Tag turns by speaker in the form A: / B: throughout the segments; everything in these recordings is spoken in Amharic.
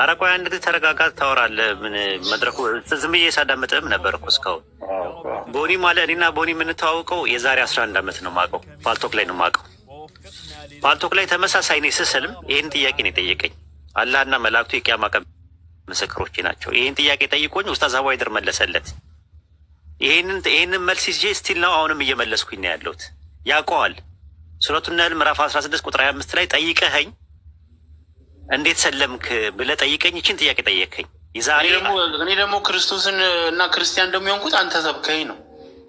A: ኧረ ቆይ አንድ ጊዜ ተረጋጋ፣ ታወራለህ። ምን መድረኩ ዝም ብዬ ሳዳመጥህም ነበር እኮ እስካሁን። ቦኒ ማለት እኔና ቦኒ የምንተዋወቀው የዛሬ አስራ አንድ ዓመት ነው የማውቀው፣ ፓልቶክ ላይ ነው የማውቀው። ፓልቶክ ላይ ተመሳሳይ ነው ስስልም ይህን ጥያቄ ነው የጠየቀኝ። አላህና መላእክቱ የቅያማ ቀን ምስክሮች ናቸው። ይህን ጥያቄ ጠይቆኝ ኡስታዝ አዋይድር መለሰለት። ይህንን መልስ ይዤ ስቲል ነው አሁንም እየመለስኩኝ ነው ያለሁት። ያውቀዋል ሱረቱ ነህል ምዕራፍ 16 ቁጥር 25 ላይ ጠይቀኸኝ እንዴት ሰለምክ ብለህ ጠይቀኝ፣ ይችን ጥያቄ ጠየቀኝ።
B: እኔ ደግሞ ክርስቶስን እና ክርስቲያን እንደሚሆንኩት አንተ ሰብከኝ ነው።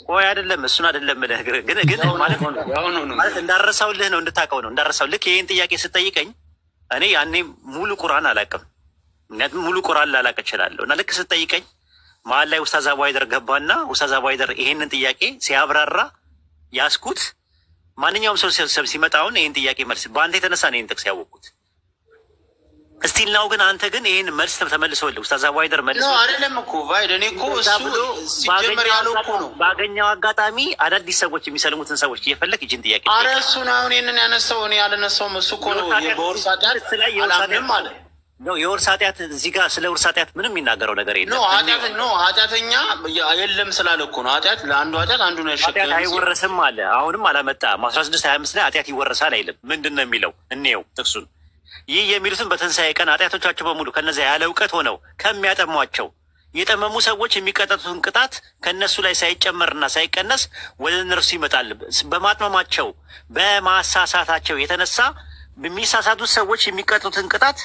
A: ቆይ አይደለም፣ እሱን አይደለም ልህ ግን ግን ማለት እንዳረሳው እንዳረሳውልህ ነው እንድታውቀው ነው እንዳረሳው። ልክ ይህን ጥያቄ ስጠይቀኝ እኔ ያኔ ሙሉ ቁርአን አላውቅም፣ ምክንያቱም ሙሉ ቁርአን ላላቅ እችላለሁ። እና ልክ ስጠይቀኝ መሀል ላይ ኡስታዝ አቡ ሀይደር ገባና ኡስታዝ አቡ ሀይደር ይሄንን ጥያቄ ሲያብራራ ያስኩት ማንኛውም ሰው ሰብ ሲመጣ አሁን ይህን ጥያቄ መልስ በአንተ የተነሳ ነው ይህን ጥቅስ ያወቁት እስቲል ናው ግን አንተ ግን ይህን መልስ ተመልሶልህ ኡስታዝ አቡሀይደር
B: መልስ አይደለም እኮ ባይድ እኔ እኮ
A: ባገኘው አጋጣሚ አዳዲስ ሰዎች የሚሰልሙትን ሰዎች እየፈለግ ይችን ጥያቄ
B: አረ እሱን አሁን ይህንን ያነሳው እኔ አልነሳውም እሱ እኮ ነው በወርሳዳት
A: አላምንም አለ ነው የውርስ ኃጢአት እዚህ ጋር ስለ ውርስ ኃጢአት ምንም የሚናገረው ነገር የለም።
B: ኃጢአተኛ የለም ስላለ እኮ ነው። ኃጢአት ለአንዱ ኃጢአት አንዱ ነው
A: አይወረስም አለ። አሁንም አላመጣም። አስራ ስድስት ሀያ አምስት ላይ ኃጢአት ይወረሳል አይልም። ምንድን ነው የሚለው? እንየው ጥቅሱን። ይህ የሚሉትም በትንሣኤ ቀን ኃጢአቶቻቸው በሙሉ ከነዚያ ያለ እውቀት ሆነው ከሚያጠሟቸው የጠመሙ ሰዎች የሚቀጠጡትን ቅጣት ከእነሱ ላይ ሳይጨመርና ሳይቀነስ ወደ እነርሱ ይመጣል። በማጥመማቸው በማሳሳታቸው የተነሳ የሚሳሳቱ ሰዎች የሚቀጡትን ቅጣት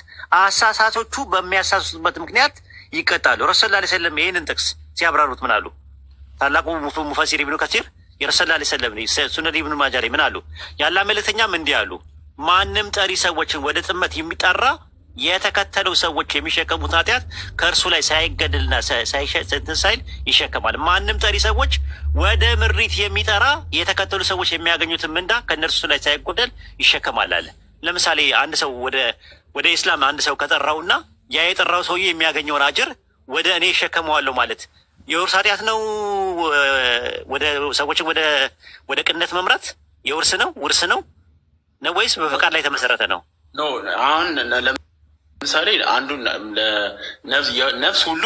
A: አሳሳቶቹ በሚያሳስቱበት ምክንያት ይቀጣሉ። ረሱል ላ ሰለም ይህንን ጥቅስ ሲያብራሩት ምን አሉ? ታላቁ ሙፈሲር ኢብኑ ከሲር የረሱል ላ ሰለም ሱነን ኢብኑ ማጃ ምን አሉ? ያላ መልእክተኛም እንዲህ አሉ፣ ማንም ጠሪ ሰዎችን ወደ ጥመት የሚጠራ የተከተለው ሰዎች የሚሸከሙት ኃጢአት ከእርሱ ላይ ሳይገድልና ሳይል ይሸከማል። ማንም ጠሪ ሰዎች ወደ ምሪት የሚጠራ የተከተሉ ሰዎች የሚያገኙትን ምንዳ ከእነርሱ ላይ ሳይጎደል ይሸከማል አለ። ለምሳሌ አንድ ሰው ወደ ወደ ኢስላም አንድ ሰው ከጠራውና ያ የጠራው ሰውዬ የሚያገኘውን አጅር ወደ እኔ ይሸከመዋለሁ ማለት የውርስ ኃጢአት ነው። ወደ ሰዎችን ወደ ወደ ቅነት መምራት የውርስ ነው ውርስ ነው ነው ወይስ በፈቃድ ላይ የተመሰረተ ነው?
B: አሁን ለምሳሌ አንዱ ነፍስ ሁሉ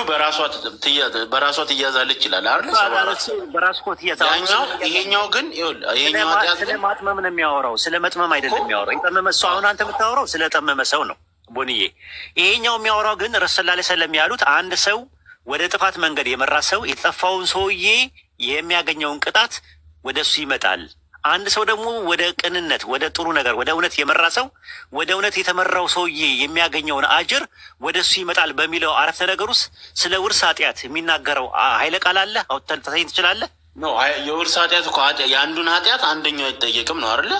B: በራሷ ትያዛለች ይላል። ይሄኛው ግን
A: ስለ ማጥመም ነው የሚያወራው፣ ስለ መጥመም አይደለም የሚያወራው። የጠመመ ሰው አሁን አንተ የምታወራው ስለ ጠመመ ሰው ነው ቦንዬ። ይሄኛው የሚያወራው ግን ረሱል ላ ሰለም ያሉት አንድ ሰው ወደ ጥፋት መንገድ የመራ ሰው የጠፋውን ሰውዬ የሚያገኘውን ቅጣት ወደ እሱ ይመጣል አንድ ሰው ደግሞ ወደ ቅንነት ወደ ጥሩ ነገር ወደ እውነት የመራ ሰው ወደ እውነት የተመራው ሰውዬ የሚያገኘውን አጅር ወደ እሱ ይመጣል በሚለው አረፍተ ነገር ውስጥ ስለ ውርስ ኃጢአት የሚናገረው ኃይለ ቃል አለ ተሰኝ ትችላለህ?
B: የውርስ ኃጢአት እኮ የአንዱን ኃጢአት አንደኛው አይጠየቅም ነው አለ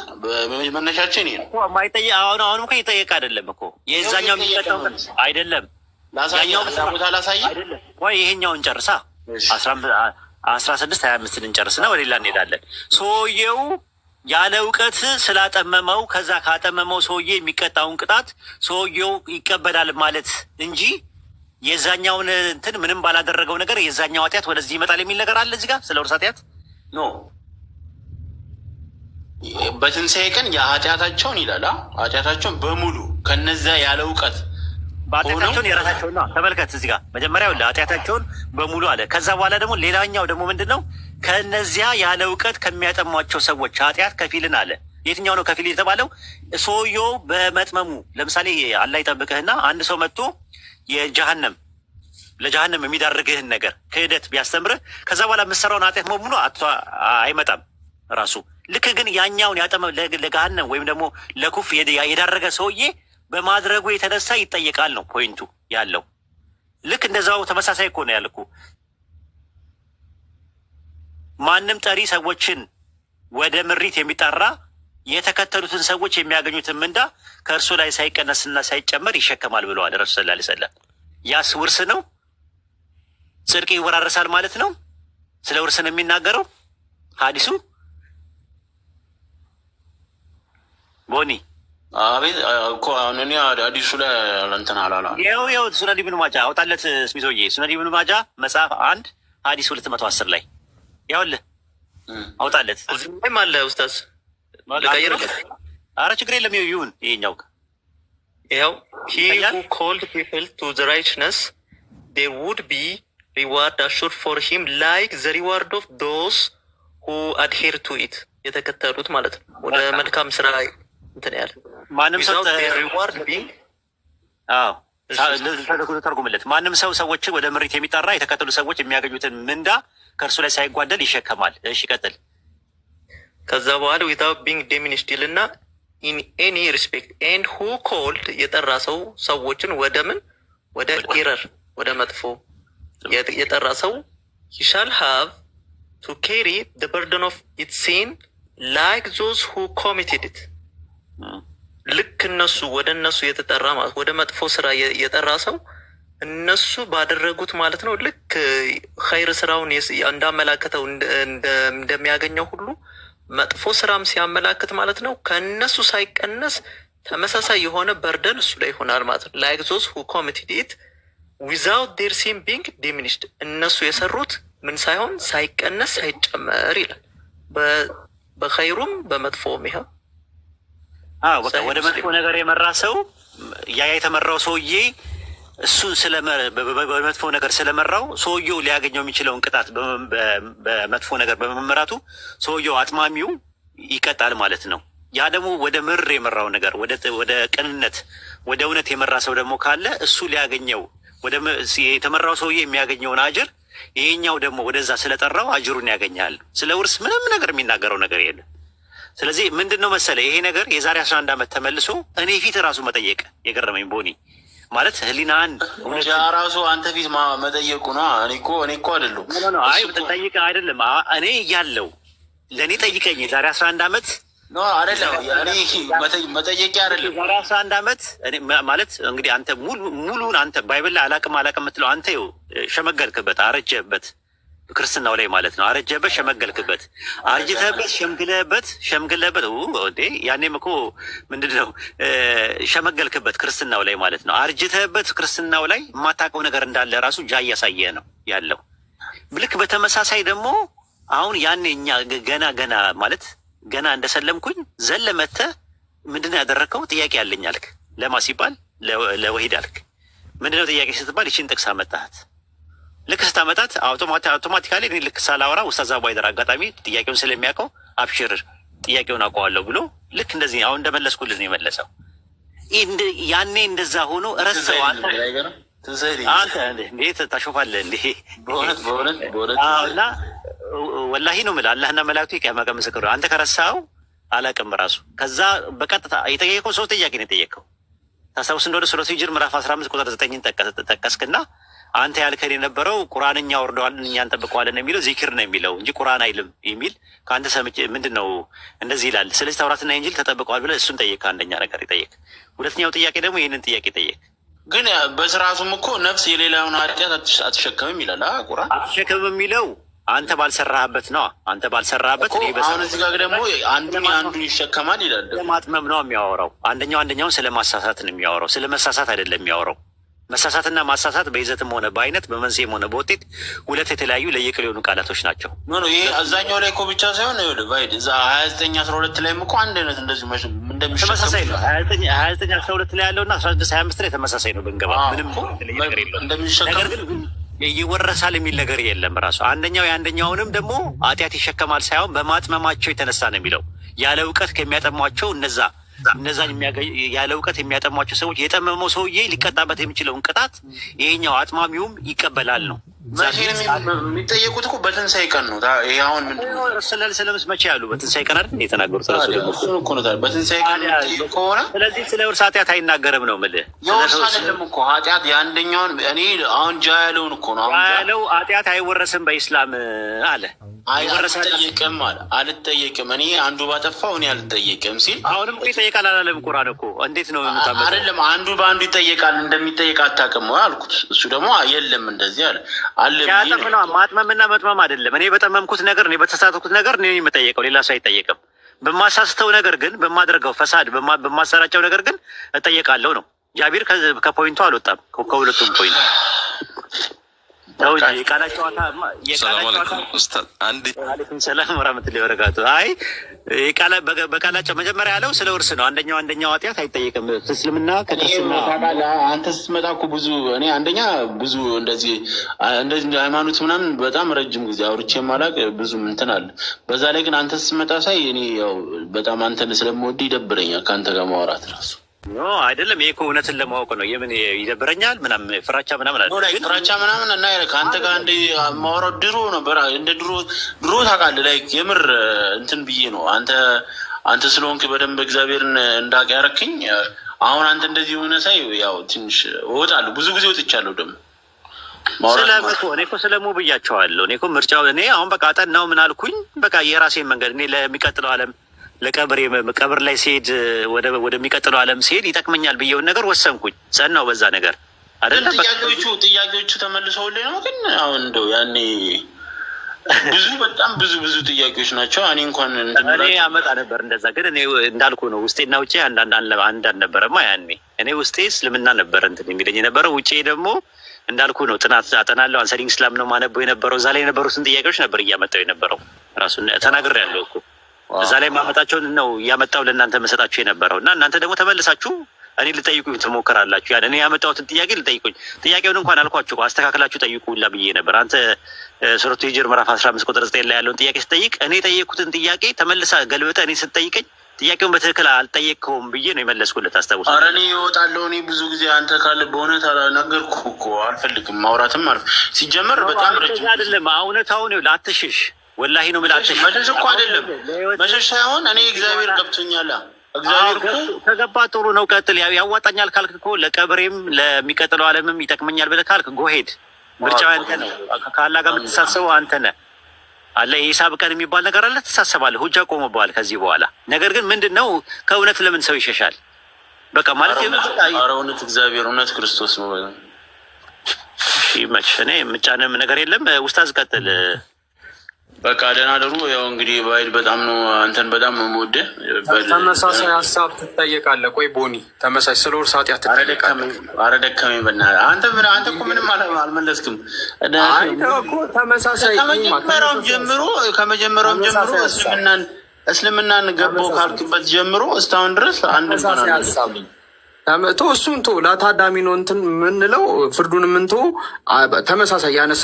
B: መነሻችን ይሄ ነው።
A: ማይጠየቅ አሁን አሁንም እኮ ይጠየቅ አይደለም እኮ የዛኛው የሚጠቀም አይደለም።
B: ላሳየህ
A: ቦታ ላሳየህ። ቆይ ይሄኛውን ጨርሳ አስራ ስድስት ሀያ አምስትን እንጨርስና ወደ ሌላ እንሄዳለን። ሰውየው ያለ እውቀት ስላጠመመው ከዛ ካጠመመው ሰውዬ የሚቀጣውን ቅጣት ሰውየው ይቀበላል ማለት እንጂ የዛኛውን እንትን ምንም ባላደረገው ነገር የዛኛው ኃጢአት ወደዚህ ይመጣል የሚል ነገር አለ እዚህ ጋር ስለ ውርስ ኃጢአት ኖ
B: በትንሣኤ ቀን የኃጢአታቸውን ይላል ኃጢአታቸውን በሙሉ ከነዚያ ያለ እውቀት በአጢአታቸውን የራሳቸውና ተመልከት፣ እዚህ ጋር መጀመሪያ ለአጢአታቸውን በሙሉ አለ። ከዛ በኋላ ደግሞ ሌላኛው ደግሞ ምንድን ነው? ከእነዚያ ያለ እውቀት ከሚያጠሟቸው ሰዎች አጢአት ከፊልን አለ። የትኛው ነው ከፊል የተባለው? ሰውየው በመጥመሙ ለምሳሌ አላህ ይጠብቅህና አንድ ሰው መጥቶ የጀሃነም ለጀሃነም የሚዳርግህን ነገር ክህደት ቢያስተምርህ ከዛ በኋላ የምሰራውን ኃጢአት በሙሉ አይመጣም ራሱ ልክ ግን ያኛውን ያጠመ ለገሃነም ወይም ደግሞ ለኩፍ የዳረገ ሰውዬ በማድረጉ የተነሳ ይጠየቃል ነው ፖይንቱ ያለው። ልክ እንደዛው ተመሳሳይ እኮ ነው ያልኩ። ማንም ጠሪ ሰዎችን ወደ ምሪት የሚጠራ የተከተሉትን ሰዎች የሚያገኙትን ምንዳ ከእርሱ ላይ ሳይቀነስና ሳይጨመር ይሸከማል ብለዋል ረሱ ስላ ሰለም። ያስ ውርስ ነው። ጽድቅ ይወራረሳል ማለት ነው። ስለ ውርስን የሚናገረው ሀዲሱ ቦኒ አቤት እኮ አሁን እኔ አዲሱ ላይ እንትን አላላ ይኸው ኢብኑ ማጃ አውጣለት ስሚዞዬ ሱነ ኢብኑ ማጃ መጽሐፍ አንድ ሀዲስ ሁለት መቶ አስር ላይ ያውልህ አውጣለት። እዚህ አለ ኡስታዝ ልቀይርለት። አረ ችግር የለም ይሁን። ይሄኛው ይኸው ሂ ሁ ኮልድ ፒፕል ቱ ዘ ራይትነስ ዴር ውድ ቢ ሪዋርድ አሹር ፎር ሂም ላይክ ዘ ሪዋርድ ኦፍ ዶስ ሁ አድሄር ቱ ኢት የተከተሉት ማለት ነው ወደ መልካም ስራ እንትን ያለ ማንም ሰው ተርጉምለት። ማንም ሰው ሰዎችን ወደ ምሪት የሚጠራ የተከተሉ ሰዎች የሚያገኙትን ምንዳ ከእርሱ ላይ ሳይጓደል ይሸከማል። እሺ ቀጥል። ከዛ በኋላ ዊዛውት ቢንግ ዲሚኒሽድ ይልና ኢን ኤኒ ሪስፔክት ኤንድ ሁ ኮልድ የጠራ ሰው ሰዎችን ወደ ምን ወደ ኢረር ወደ መጥፎ የጠራ ሰው ሻል ሃቭ ቱ ኬሪ ዘ በርደን ኦፍ ኢት ሲን ላይክ ዞዝ ሁ ኮሚትድ ኢት ልክ እነሱ ወደ እነሱ የተጠራ ማለት ወደ መጥፎ ስራ የጠራ ሰው እነሱ ባደረጉት ማለት ነው ልክ ኸይር ስራውን እንዳመላከተው እንደሚያገኘው ሁሉ መጥፎ ስራም ሲያመላክት ማለት ነው ከእነሱ ሳይቀነስ ተመሳሳይ የሆነ በርደን እሱ ላይ ይሆናል ማለት ነው። ላይክ ዞዝ ሁ ኮሚትድ ኢት ዊዛውት ዴር ሲም ቢንግ ዲሚኒሽድ እነሱ የሰሩት ምን ሳይሆን ሳይቀነስ ሳይጨመር ይላል። በኸይሩም በመጥፎም ይኸው ወደ መጥፎ ነገር የመራ ሰው ያ የተመራው ሰውዬ እሱን በመጥፎ ነገር ስለመራው ሰውየው ሊያገኘው የሚችለውን ቅጣት በመጥፎ ነገር በመመራቱ ሰውየው አጥማሚው ይቀጣል ማለት ነው። ያ ደግሞ ወደ ምር የመራው ነገር ወደ ቅንነት፣ ወደ እውነት የመራ ሰው ደግሞ ካለ እሱ ሊያገኘው የተመራው ሰውዬ የሚያገኘውን አጅር ይሄኛው ደግሞ ወደዛ ስለጠራው አጅሩን ያገኛል። ስለ ውርስ ምንም ነገር የሚናገረው ነገር የለም። ስለዚህ ምንድን ነው መሰለ ይሄ ነገር የዛሬ አስራ አንድ ዓመት ተመልሶ እኔ ፊት ራሱ መጠየቅ የገረመኝ ቦኒ ማለት ህሊና አንድ ራሱ አንተ ፊት መጠየቁ ነ እኔ እኮ እኔ እኮ አይደለሁ አይ ጠይቀ አይደለም እኔ እያለው ለእኔ ጠይቀኝ የዛሬ አስራ አንድ ዓመት አይደለም መጠየቂያ አይደለም አስራ አንድ ዓመት ማለት እንግዲህ አንተ ሙሉን አንተ ባይብል አላቅም አላቅም የምትለው አንተ ሸመገልክበት፣ አረጀበት ክርስትናው ላይ ማለት ነው። አረጀበት፣ ሸመገልክበት፣ አርጅተበት፣ ሸምግለበት፣ ሸምግለበት ወዴ ያኔም እኮ ምንድን ነው ሸመገልክበት፣ ክርስትናው ላይ ማለት ነው። አርጅተበት፣ ክርስትናው ላይ የማታውቀው ነገር እንዳለ ራሱ ጃ እያሳየ ነው ያለው። ልክ በተመሳሳይ ደግሞ አሁን ያኔ እኛ ገና ገና ማለት ገና እንደሰለምኩኝ ዘለመተ ምንድን ነው ያደረግከው? ጥያቄ አለኝ አልክ። ለማ ሲባል ለወሂድ አልክ። ምንድነው ጥያቄ ስትባል ይችን ጥቅስ አመጣሃት። ልክ ስታመጣት አውቶማቲካሊ እኔ ልክ ሳላወራ ውስታዝ አቡሀይደር አጋጣሚ ጥያቄውን ስለሚያውቀው አብሽር ጥያቄውን አውቀዋለሁ ብሎ ልክ እንደዚህ አሁን እንደመለስኩልን የመለሰው ያኔ እንደዛ ሆኖ ረሰዋል። አንተ እንዴት ታሾፋለህ እንዴ? እና ወላሂ ነው የምልህ አላህና መላእክቱ የቂያማ ቀን ምስክር ነው። አንተ ከረሳው አላቅም ራሱ ከዛ በቀጥታ የጠየቀው ሶስት ጥያቄ ነው የጠየቀው ታስታውስ እንደሆነ ሱረቱ ሂጅር ምዕራፍ አስራ አምስት ቁጥር ዘጠኝን ጠቀስክና አንተ ያልከን የነበረው ቁርአን እኛ ወርደዋለን እኛ እንጠብቀዋለን የሚለው ዚክር ነው የሚለው እንጂ ቁርአን አይልም የሚል ከአንተ ሰምቼ ምንድን ነው እንደዚህ ይላል። ስለዚህ ተውራትና ኢንጂል ተጠብቀዋል ብለህ እሱን ጠየቅ። አንደኛ ነገር ይጠየቅ። ሁለተኛው ጥያቄ ደግሞ ይህንን ጥያቄ ጠየቅ። ግን በስርዓቱም እኮ ነፍስ የሌላውን ኃጢአት አትሸከምም ይላል ቁርአን። አትሸከምም የሚለው አንተ ባልሰራህበት ነው። አንተ ባልሰራህበት አሁን እዚህ ጋር ደግሞ አንዱ አንዱን ይሸከማል ይላል። ለማጥመም ነው የሚያወራው። አንደኛው አንደኛውን ስለማሳሳት ነው የሚያወራው። ስለመሳሳት አይደለም የሚያወራው መሳሳትና ማሳሳት በይዘትም ሆነ በአይነት በመንስኤም ሆነ በውጤት ሁለት የተለያዩ ለየቅል የሆኑ ቃላቶች ናቸው። ይህ አብዛኛው ላይ እኮ ብቻ ሳይሆን ሀያ ዘጠኝ አስራ ሁለት ላይም እኮ አንድ አይነት እንደዚህ ተመሳሳይ ነው። ሀያ ዘጠኝ አስራ ሁለት ላይ ያለውና አስራ ስድስት ሀያ አምስት ላይ ተመሳሳይ ነው። ብንገባ ምንም ነገር ግን ይወረሳል የሚል ነገር የለም። ራሱ አንደኛው የአንደኛውንም ደግሞ አጢአት ይሸከማል ሳይሆን በማጥመማቸው የተነሳ ነው የሚለው ያለ እውቀት ከሚያጠሟቸው እነዛ እነዛን ያለ እውቀት የሚያጠሟቸው ሰዎች የጠመመው ሰውዬ ሊቀጣበት የሚችለውን ቅጣት ይሄኛው አጥማሚውም ይቀበላል ነው የሚጠየቁት እኮ በትንሳኤ ቀን ነው። አሁን ስለ ምስ መቼ ያሉ በትንሳኤ ቀን አይደል የተናገሩት? ራሱ በትንሳኤ ቀን ከሆነ ስለዚህ ስለ ውርስ ኃጢአት አይናገርም ነው የምልህ። የውርስ አይደለም እኮ ኃጢአት የአንደኛውን እኔ አሁን ጃ ያለውን እኮ ነው ያለው ኃጢአት አይወረስም በኢስላም አለ አልጠየቅም አለ አልጠየቅም። እኔ አንዱ ባጠፋው እኔ አልጠየቅም ሲል አሁንም እኮ ይጠየቃል አላለም። ቁራን እኮ እንዴት ነው አይደለም፣ አንዱ በአንዱ ይጠየቃል። እንደሚጠየቅ አታውቅም አልኩት። እሱ ደግሞ የለም እንደዚህ አለ ነው ማጥመምና መጥመም አይደለም። እኔ በጠመምኩት ነገር እኔ በተሳተኩት ነገር እኔ የምጠየቀው ሌላ ሰው አይጠየቅም። በማሳስተው ነገር ግን በማድረገው ፈሳድ በማሰራጨው ነገር ግን እጠየቃለሁ ነው። ጃቢር ከፖይንቱ አልወጣም ከሁለቱም ፖይንት የቃላ መጀመሪያ ያለው ስለ ውርስ ነው። አንደኛው አንደኛው ኃጢአት አይጠየቅም። እስልምና ከእስልምና አንተ ስትመጣ እኮ ብዙ እኔ አንደኛ ብዙ እንደዚህ እንደዚህ ሃይማኖት ምናምን በጣም ረጅም ጊዜ አውርቼ ማላቅ ብዙ ምንትን አለ። በዛ ላይ ግን አንተ ስትመጣ ሳይ እኔ ያው በጣም አንተን ስለምወድ ይደብረኛል ከአንተ ጋር ማውራት ራሱ አይደለም ይሄ እኮ እውነትን ለማወቅ ነው። የምን ይደብረኛል ምናምን ፍራቻ ምናምን አለ ፍራቻ ምናምን እና ከአንተ ጋር እንደ ማውራት ድሮ ነበር እንደ ድሮ ድሮ ታውቃለህ። ላይ የምር እንትን ብዬ ነው አንተ አንተ ስለሆንክ በደንብ እግዚአብሔርን እንዳቅ ያረክኝ። አሁን አንተ እንደዚህ የሆነ ሳይ ያው ትንሽ እወጣለሁ። ብዙ ጊዜ ወጥቻለሁ ደግሞ እኔ እኮ ስለሙ ብያቸዋለሁ። እኔ እኮ ምርጫው እኔ አሁን በቃ ጠናው ምን አልኩኝ በቃ የራሴን መንገድ እኔ ለሚቀጥለው አለም ለቀብር ቀብር ላይ ሲሄድ ወደሚቀጥለው ዓለም ሲሄድ ይጠቅመኛል ብየውን ነገር ወሰንኩኝ። ጸናው በዛ ነገር አይደለም። ጥያቄዎቹ ጥያቄዎቹ ተመልሰውልኝ ነው። ግን አሁን እንደው ያኔ ብዙ በጣም ብዙ ብዙ ጥያቄዎች ናቸው። እኔ እንኳን እኔ አመጣ ነበር እንደዛ። ግን እኔ እንዳልኩ ነው ውስጤና ውጭ አንዳንድ አልነበረማ። ያኔ እኔ ውስጤ እስልምና ነበር እንትን የሚለኝ የነበረው፣ ውጭ ደግሞ እንዳልኩ ነው ጥናት አጠናለሁ። አንሰሪንግ ስላም ነው ማነበው የነበረው። እዛ ላይ የነበሩትን ጥያቄዎች ነበር እያመጣው የነበረው ራሱ ተናግሬያለሁ እኮ እዛ ላይ ማመጣቸውን ነው እያመጣው ለእናንተ መሰጣችሁ የነበረው እና እናንተ ደግሞ ተመልሳችሁ እኔ ልጠይቁኝ ትሞክራላችሁ። ያን እኔ ያመጣሁትን ጥያቄ ልጠይቁኝ ጥያቄውን እንኳን አልኳችሁ አስተካክላችሁ ጠይቁ ሁላ ብዬ ነበር። አንተ ሱረቱ ሂጅር ምዕራፍ አስራ አምስት ቁጥር ዘጠኝ ላይ ያለውን ጥያቄ ስጠይቅ እኔ የጠየቅኩትን ጥያቄ ተመልሳ ገልብጠ እኔ ስጠይቀኝ ጥያቄውን በትክክል አልጠየቅከውም ብዬ ነው የመለስኩለት። አስታውስ። ኧረ እኔ እወጣለሁ። እኔ ብዙ ጊዜ አንተ ካለ በእውነት አላነገርኩ እኮ አልፈልግም ማውራትም። አልፍ ሲጀመር በጣም ረጅም አይደለም እውነታውን ላትሽሽ ወላሂ ነው የምላቸው። መሸሽ እኮ አይደለም መሸሽ ሳይሆን እኔ እግዚአብሔር ገብቶኛል። እግዚአብሔር እኮ ከገባ ጥሩ ነው፣ ቀጥል። ያዋጣኛል ካልክ እኮ ለቀብሬም ለሚቀጥለው ዓለምም ይጠቅመኛል ብለህ ካልክ ጎሄድ ምርጫው አንተ ነው። ከአላህ ጋር የምትሳሰበው አንተ ነህ። አለ የሂሳብ ቀን የሚባል ነገር አለ። ትሳሰባለህ። ሁጃ ቆመበዋል ከዚህ በኋላ ነገር ግን ምንድን ነው ከእውነት ለምን ሰው ይሸሻል? በቃ ማለት ኧረ እውነት እግዚአብሔር እውነት ክርስቶስ ነው። መች እኔ የምጫንም ነገር የለም። ውስታዝ ቀጥል። በቃ ደህና አደሩ። ያው እንግዲህ በኃይል በጣም ነው አንተን በጣም ነው ተመሳሳይ ሀሳብ ትጠየቃለህ። ቆይ ቦኒ ተመሳሳይ ስለ ወር ኃጢአት ትጠየቃለህ። ኧረ ደከመኝ በእናትህ አንተ አንተ እኮ ምንም አልመለስክም። ተመሳሳይ ከመጀመሪያውም ጀምሮ ከመጀመሪያውም ጀምሮ እስልምናን እስልምናን ገባሁ ካልክበት ጀምሮ እስካሁን ድረስ አንድ ሳሳይ ሀሳብ ቶ እሱን ቶ ለታዳሚ ነው እንትን የምንለው ፍርዱን ምንቶ ተመሳሳይ ያነሳ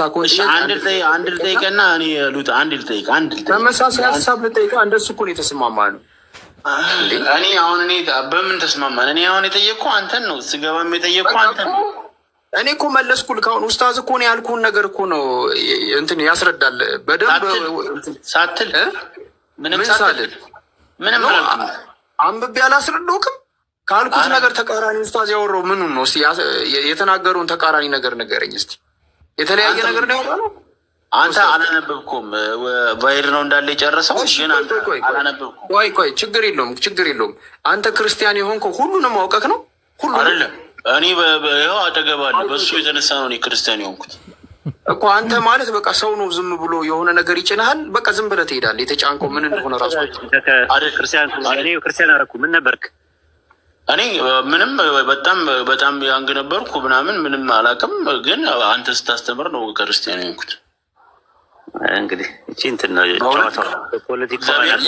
B: አንድ ልጠይቀና ሉጣ አንድ ልጠይቅ አንድ ተመሳሳይ ሀሳብ ልጠይቀ እንደሱ እኮ የተስማማ ነው። እኔ አሁን እኔ በምን ተስማማን? እኔ አሁን የጠየቅኩ አንተን ነው ስገባም የጠየቅኩ አንተን ነው። እኔ እኮ መለስኩል ካሁን ውስታዝ እኮ ነው ያልኩህን ነገር እኮ ነው እንትን ያስረዳል በደንብ ሳትል ምንም ሳትል ምንም አንብቤ አላስረዳሁህም ካልኩት ነገር ተቃራኒ ኡስታዝ ያወራው ምኑ ነው? እስኪ የተናገሩን ተቃራኒ ነገር ንገረኝ እስኪ። የተለያየ ነገር ነው አንተ አላነበብኩም። ባይር ነው እንዳለ የጨረሰው። ቆይ ቆይ፣ ችግር የለውም ችግር የለውም። አንተ ክርስቲያን የሆንከ ሁሉንም አውቀህ ነው? ሁሉ አይደለም። እኔ ይኸው አጠገባለሁ። በሱ የተነሳ ነው እኔ ክርስቲያን የሆንኩት እኮ። አንተ ማለት በቃ ሰው ነው። ዝም ብሎ የሆነ ነገር ይጭንሃል። በቃ ዝም ብለህ ትሄዳለህ። የተጫንከው ምን እንደሆነ ራሱ ክርስቲያን። ክርስቲያን አረኩ ምን ነበርክ እኔ ምንም በጣም በጣም ያንግ ነበርኩ ምናምን ምንም አላውቅም፣ ግን አንተ ስታስተምር ነው ክርስቲያን የሆንኩት። እንግዲህ እቺ እንትን ነው በእውነት እግዚአብሔር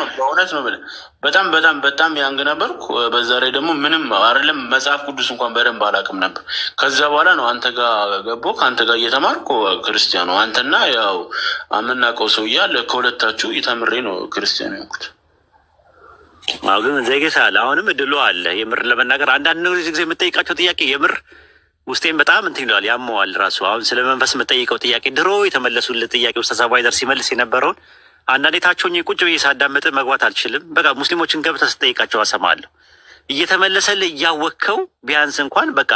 B: ነው በእውነት ነው ብለህ በጣም በጣም በጣም ያንግ ነበርኩ። በዛ ላይ ደግሞ ምንም አይደለም መጽሐፍ ቅዱስ እንኳን በደንብ አላውቅም ነበር። ከዛ በኋላ ነው አንተ ጋር ገቦ ከአንተ ጋር እየተማርኩ ክርስቲያኑ አንተና ያው የምናውቀው ሰው እያለ ከሁለታችሁ እየተምሬ ነው ክርስቲያን የሆንኩት። አሁ ግን ዜጌሳ አሁንም እድሉ አለ። የምር ለመናገር አንዳንድ ጊዜ የምጠይቃቸው ጥያቄ የምር ውስጤን በጣም እንትን ይለዋል፣ ያመዋል ራሱ። አሁን ስለ መንፈስ የምጠይቀው ጥያቄ ድሮ የተመለሱለት ጥያቄ ውስጥ ተሳባይዘር ሲመልስ የነበረውን አንዳንዴ ታቸውኝ ቁጭ ብዬ ሳዳመጥ መግባት አልችልም። በቃ ሙስሊሞችን ገብተህ ስጠይቃቸው አሰማለሁ እየተመለሰልህ እያወቅከው ቢያንስ እንኳን በቃ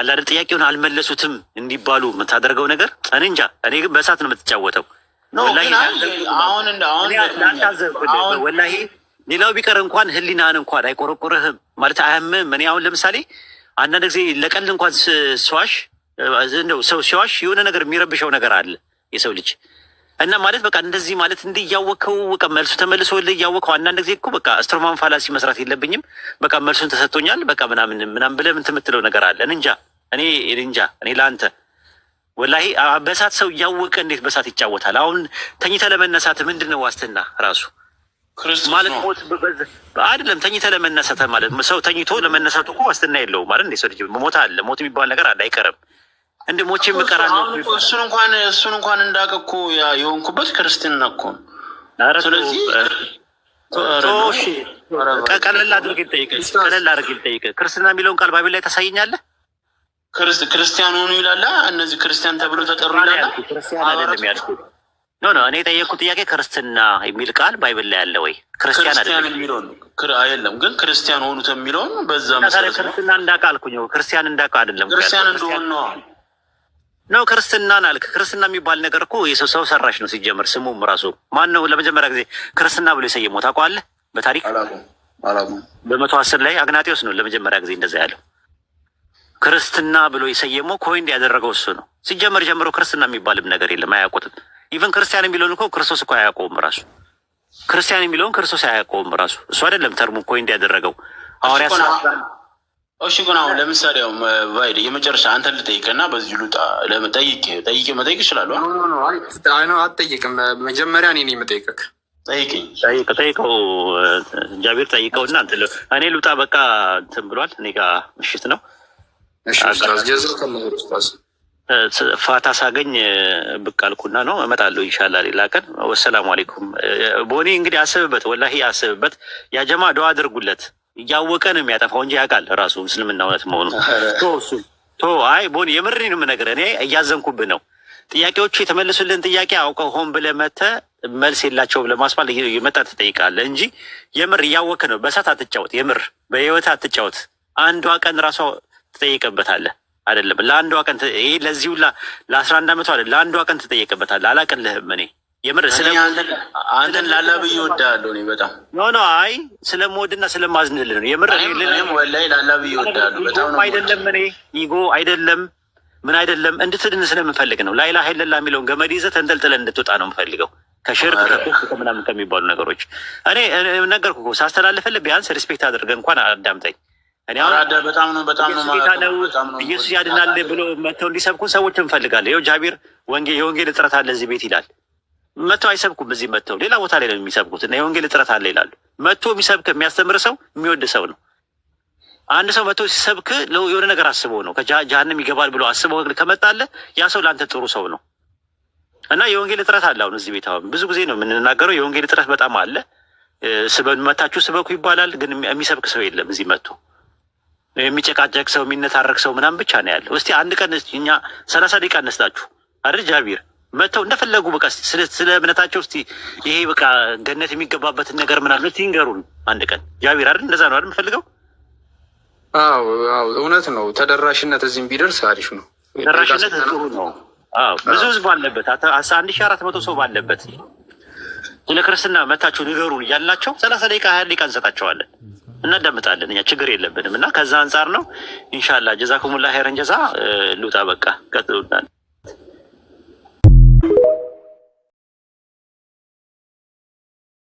B: አላደ ጥያቄውን አልመለሱትም እንዲባሉ የምታደርገው ነገር እኔ እንጃ። እኔ ግን በእሳት ነው የምትጫወተው። ወላሂ ሌላው ቢቀር እንኳን ህሊናን እንኳን አይቆረቆረህም ማለት አያም እኔ አሁን ለምሳሌ አንዳንድ ጊዜ ለቀልድ እንኳን ስዋሽ እንደው ሰው ሲዋሽ የሆነ ነገር የሚረብሸው ነገር አለ የሰው ልጅ እና ማለት በቃ እንደዚህ ማለት እንዲህ በቃ መልሱ ተመልሶ ወደ እያወቅኸው አንዳንድ ጊዜ እኮ በቃ አስትሮማን ፋላሲ መስራት የለብኝም በቃ መልሱን ተሰጥቶኛል በቃ ምናምን ምናምን ብለህ ምን ትምትለው ነገር አለ። እንጃ እኔ እንጃ እኔ ለአንተ ወላሂ በእሳት ሰው እያወቀ እንዴት በእሳት ይጫወታል? አሁን ተኝተ ለመነሳት ምንድን ነው ዋስትና ራሱ ማለት ሞት አይደለም ተኝተ ለመነሳተ ማለት ሰው ተኝቶ ለመነሳቱ እኮ ዋስትና የለውም ማለት ነው። ሰው ልጅ ሞት አለ ሞት የሚባል ነገር አለ አይቀርም። እንደ ሞቼ የምቀራ እሱን እንኳን እሱን እንኳን እንዳውቅ እኮ የሆንኩበት ክርስትና እኮ ስለዚህ ቀለል አድርግ ልጠይቅህ፣ ቀለል አድርግ ልጠይቅህ። ክርስትና የሚለውን ቃል ባይብል ላይ ታሳየኛለህ። ክርስቲያን ሆኑ ይላል እነዚህ ክርስቲያን ተብሎ ተጠሩ ይላል። ክርስቲያን አይደለም ያልኩት ኖ ኖ እኔ የጠየቅኩት ጥያቄ ክርስትና የሚል ቃል ባይብል ላይ ያለ ወይ? ክርስቲያን አይደለም ግን ክርስቲያን ሆኑት የሚለውን በዛ ክርስትና እንዳቃ አልኩኝ። ክርስቲያን እንዳቃ አይደለም ክርስቲያን እንደሆን ነው ነው ክርስትናን አልክ። ክርስትና የሚባል ነገር እኮ ሰው ሰራሽ ነው ሲጀምር። ስሙም ራሱ ማን ነው ለመጀመሪያ ጊዜ ክርስትና ብሎ የሰየመው ታውቀዋለህ? በታሪክ በመቶ አስር ላይ አግናጢዎስ ነው ለመጀመሪያ ጊዜ እንደዛ ያለው። ክርስትና ብሎ የሰየመው ኮይንድ ያደረገው እሱ ነው። ሲጀመር ጀምሮ ክርስትና የሚባልም ነገር የለም፣ አያውቁትም። ኢቨን ክርስቲያን የሚለውን እኮ ክርስቶስ እኮ አያውቀውም ራሱ ክርስቲያን የሚለውን ክርስቶስ አያውቀውም ራሱ እሱ አይደለም ተርሙ እኮ እንዲያደረገው ሐዋርያ እሺ ግን አሁን ለምሳሌ ያው ቫይድ የመጨረሻ አንተን ልጠይቅና በዚህ ሉጣ ለጠይቅ ጠይቅ መጠይቅ ይችላሉ። አይ አትጠይቅም። መጀመሪያ እኔ የምጠይቅህ ጠይቅኝ ጠይቅ ጠይቀው ጃቢር ጠይቀው እና እኔ ሉጣ በቃ እንትን ብሏል። እኔ ጋ ምሽት ነው። እሺ ኡስታዝ ጀዛከላሁ ኡስታዝ ፋታ ሳገኝ ብቅ አልኩና ነው እመጣለሁ። ኢንሻላ ሌላ ቀን። ወሰላሙ አሌይኩም። ቦኒ እንግዲህ አስብበት፣ ወላሂ አስብበት። ያጀማ ዱዓ አድርጉለት። እያወቀ ነው የሚያጠፋው እንጂ ያውቃል ራሱ ምስልምና እውነት መሆኑ። ቶ አይ ቦኒ የምርኒንም ነገር እኔ እያዘንኩብህ ነው። ጥያቄዎቹ የተመለሱልን ጥያቄ አውቀው ሆን ብለህ መተህ መልስ የላቸውም ለማስባል መጣ ትጠይቃለህ እንጂ የምር እያወቅህ ነው። በእሳት አትጫወት፣ የምር በህይወት አትጫወት። አንዷ ቀን ራሷ ትጠይቅበታለህ። አይደለም ለአንዷ ቀን ይሄ ለዚህ ሁላ ለአስራ አንድ አመቱ አይደለም ለአንዷ ቀን ትጠየቅበታለህ። አላቅልህም እኔ የምር አንተን ላላ ላላብዬ እወድሃለሁ። እኔ በጣም ኖ ኖ አይ ስለምወድና ስለማዝንልህ ነው። የምር ወላሂ ላላብዬ እወድሃለሁ። በጣም አይደለም እኔ ኢጎ አይደለም ምን አይደለም እንድትድን ስለምንፈልግ ነው። ላይላ ሀይለላ የሚለውን ገመድ ይዘህ ተንጠልጥለን እንድትወጣ ነው የምፈልገው ከሽርክ ከኩፍር ከምናምን ከሚባሉ ነገሮች እኔ ነገርኩህ እኮ ሳስተላልፈልህ ቢያንስ ሪስፔክት አድርገህ እንኳን አዳምጠኝ። ኢየሱስ ያድናል ብሎ መተው እንዲሰብኩን ሰዎች እንፈልጋለን። ይኸው ጃቢር የወንጌል እጥረት አለ እዚህ ቤት ይላል። መተው አይሰብኩም። እዚህ መተው ሌላ ቦታ ላይ ነው የሚሰብኩት እና የወንጌል እጥረት አለ ይላሉ። መቶ የሚሰብክ የሚያስተምር ሰው የሚወድ ሰው ነው። አንድ ሰው መቶ ሲሰብክ የሆነ ነገር አስበው ነው ከጀሃንም ይገባል ብሎ አስበው ከመጣለ ያ ሰው ለአንተ ጥሩ ሰው ነው እና የወንጌል እጥረት አለ። አሁን እዚህ ቤት አሁን ብዙ ጊዜ ነው የምንናገረው፣ የወንጌል እጥረት በጣም አለ። መታችሁ ስበኩ ይባላል፣ ግን የሚሰብክ ሰው የለም እዚህ መቶ የሚጨቃጨቅ ሰው የሚነታረቅ ሰው ምናምን ብቻ ነው ያለው። እስቲ አንድ ቀን እኛ ሰላሳ ደቂቃ እነስታችሁ አይደል ጃቢር መጥተው እንደፈለጉ በቃ ስለ እምነታቸው እስቲ ይሄ በቃ ገነት የሚገባበትን ነገር ምናምን እስቲ ይንገሩን አንድ ቀን ጃቢር አይደል እንደዛ ነው አይደል የምፈልገው። አዎ አዎ እውነት ነው። ተደራሽነት እዚህም ቢደርስ አሪፍ ነው። ተደራሽነት ጥሩ ነው። ብዙ ህዝብ አለበት አንድ ሺህ አራት መቶ ሰው ባለበት ስለ ክርስትና መታችሁ ንገሩን እያልናቸው ሰላሳ ደቂቃ ሀያ ደቂቃ እንሰጣቸዋለን። እናዳምጣለን። እኛ ችግር የለብንም እና ከዛ አንጻር ነው። ኢንሻላ ጀዛኩሙላ ሄረን ጀዛ። ልውጣ በቃ ቀጥሉናል።